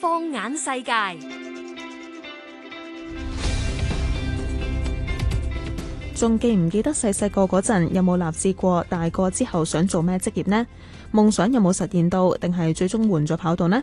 放眼世界，仲記唔記得細細個嗰陣有冇立志過大個之後想做咩職業呢？夢想有冇實現到？定係最終換咗跑道呢？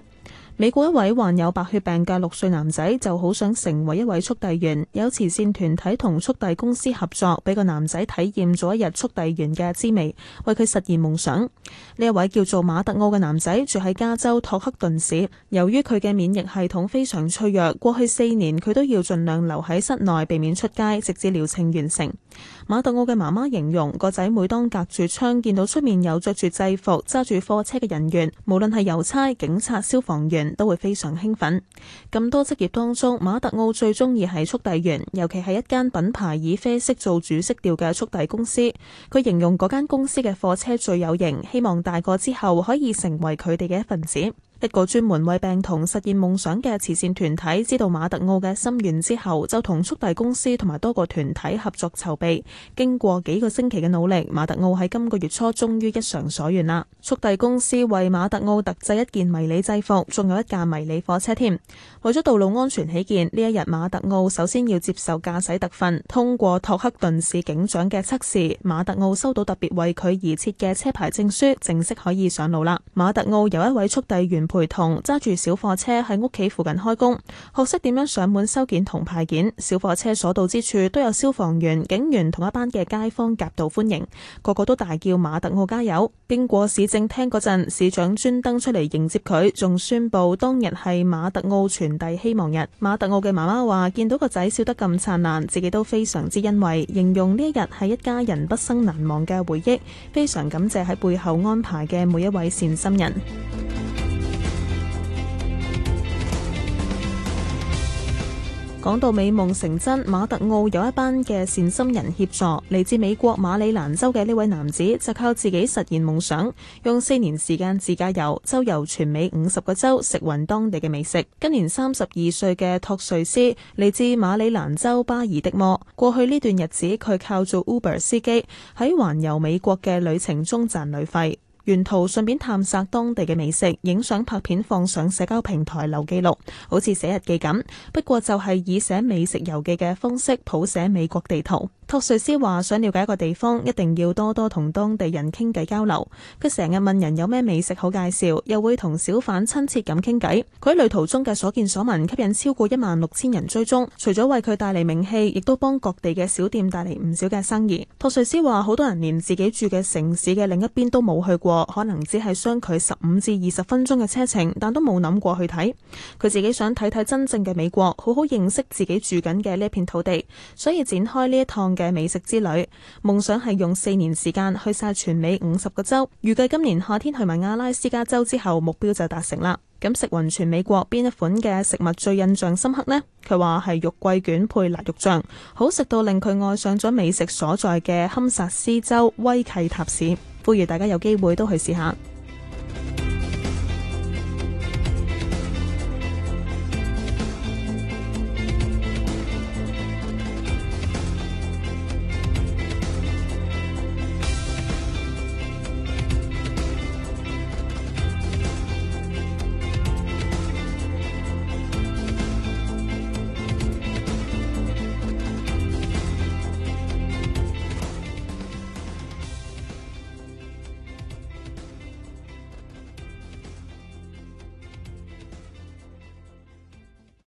美國一位患有白血病嘅六歲男仔就好想成為一位速遞員，有慈善團體同速遞公司合作，俾個男仔體驗咗一日速遞員嘅滋味，為佢實現夢想。呢一位叫做馬特奧嘅男仔住喺加州托克頓市，由於佢嘅免疫系統非常脆弱，過去四年佢都要盡量留喺室內，避免出街，直至療程完成。馬特奧嘅媽媽形容，個仔每當隔住窗見到出面有着住制服、揸住貨車嘅人員，無論係郵差、警察、消防員，都會非常興奮。咁多職業當中，馬特奧最中意係速遞員，尤其係一間品牌以啡色做主色調嘅速遞公司。佢形容嗰間公司嘅貨車最有型，希望大個之後可以成為佢哋嘅一份子。一個專門為病童實現夢想嘅慈善團體知道馬特奧嘅心願之後，就同速遞公司同埋多個團體合作籌備。經過幾個星期嘅努力，馬特奧喺今個月初終於一償所願啦！速遞公司為馬特奧特製一件迷你製服，仲有一架迷你貨車添。為咗道路安全起見，呢一日馬特奧首先要接受駕駛特訓，通過托克頓市警長嘅測試。馬特奧收到特別為佢而設嘅車牌證書，正式可以上路啦！馬特奧由一位速遞員。陪同揸住小貨車喺屋企附近開工，學識點樣上門收件同派件。小貨車所到之處都有消防員、警員同一班嘅街坊夾道歡迎，個個都大叫馬特奧加油！經過市政廳嗰陣，市長專登出嚟迎接佢，仲宣布當日係馬特奧傳遞希望日。馬特奧嘅媽媽話：見到個仔笑得咁燦爛，自己都非常之欣慰，形容呢一日係一家人畢生難忘嘅回憶，非常感謝喺背後安排嘅每一位善心人。講到美夢成真，馬特奧有一班嘅善心人協助，嚟自美國馬里蘭州嘅呢位男子就靠自己實現夢想，用四年時間自駕遊周遊全美五十個州，食匀當地嘅美食。今年三十二歲嘅托瑞斯嚟自馬里蘭州巴爾的摩，過去呢段日子佢靠做 Uber 司機喺環遊美國嘅旅程中賺旅費。沿途順便探索當地嘅美食，影相拍片放上社交平台留記錄，好似寫日記咁。不過就係以寫美食遊記嘅方式，譜寫美國地圖。托瑞斯話：想了解一個地方，一定要多多同當地人傾偈交流。佢成日問人有咩美食好介紹，又會同小販親切咁傾偈。佢喺旅途中嘅所見所聞，吸引超過一萬六千人追蹤。除咗為佢帶嚟名氣，亦都幫各地嘅小店帶嚟唔少嘅生意。托瑞斯話：好多人連自己住嘅城市嘅另一邊都冇去過，可能只係相距十五至二十分鐘嘅車程，但都冇諗過去睇。佢自己想睇睇真正嘅美國，好好認識自己住緊嘅呢片土地，所以展開呢一趟嘅美食之旅，夢想係用四年時間去晒全美五十個州。預計今年夏天去埋阿拉斯加州之後，目標就達成啦。咁食勻全美國邊一款嘅食物最印象深刻呢？佢話係肉桂卷配辣肉醬，好食到令佢愛上咗美食所在嘅堪薩斯州威契塔市。呼籲大家有機會都去試下。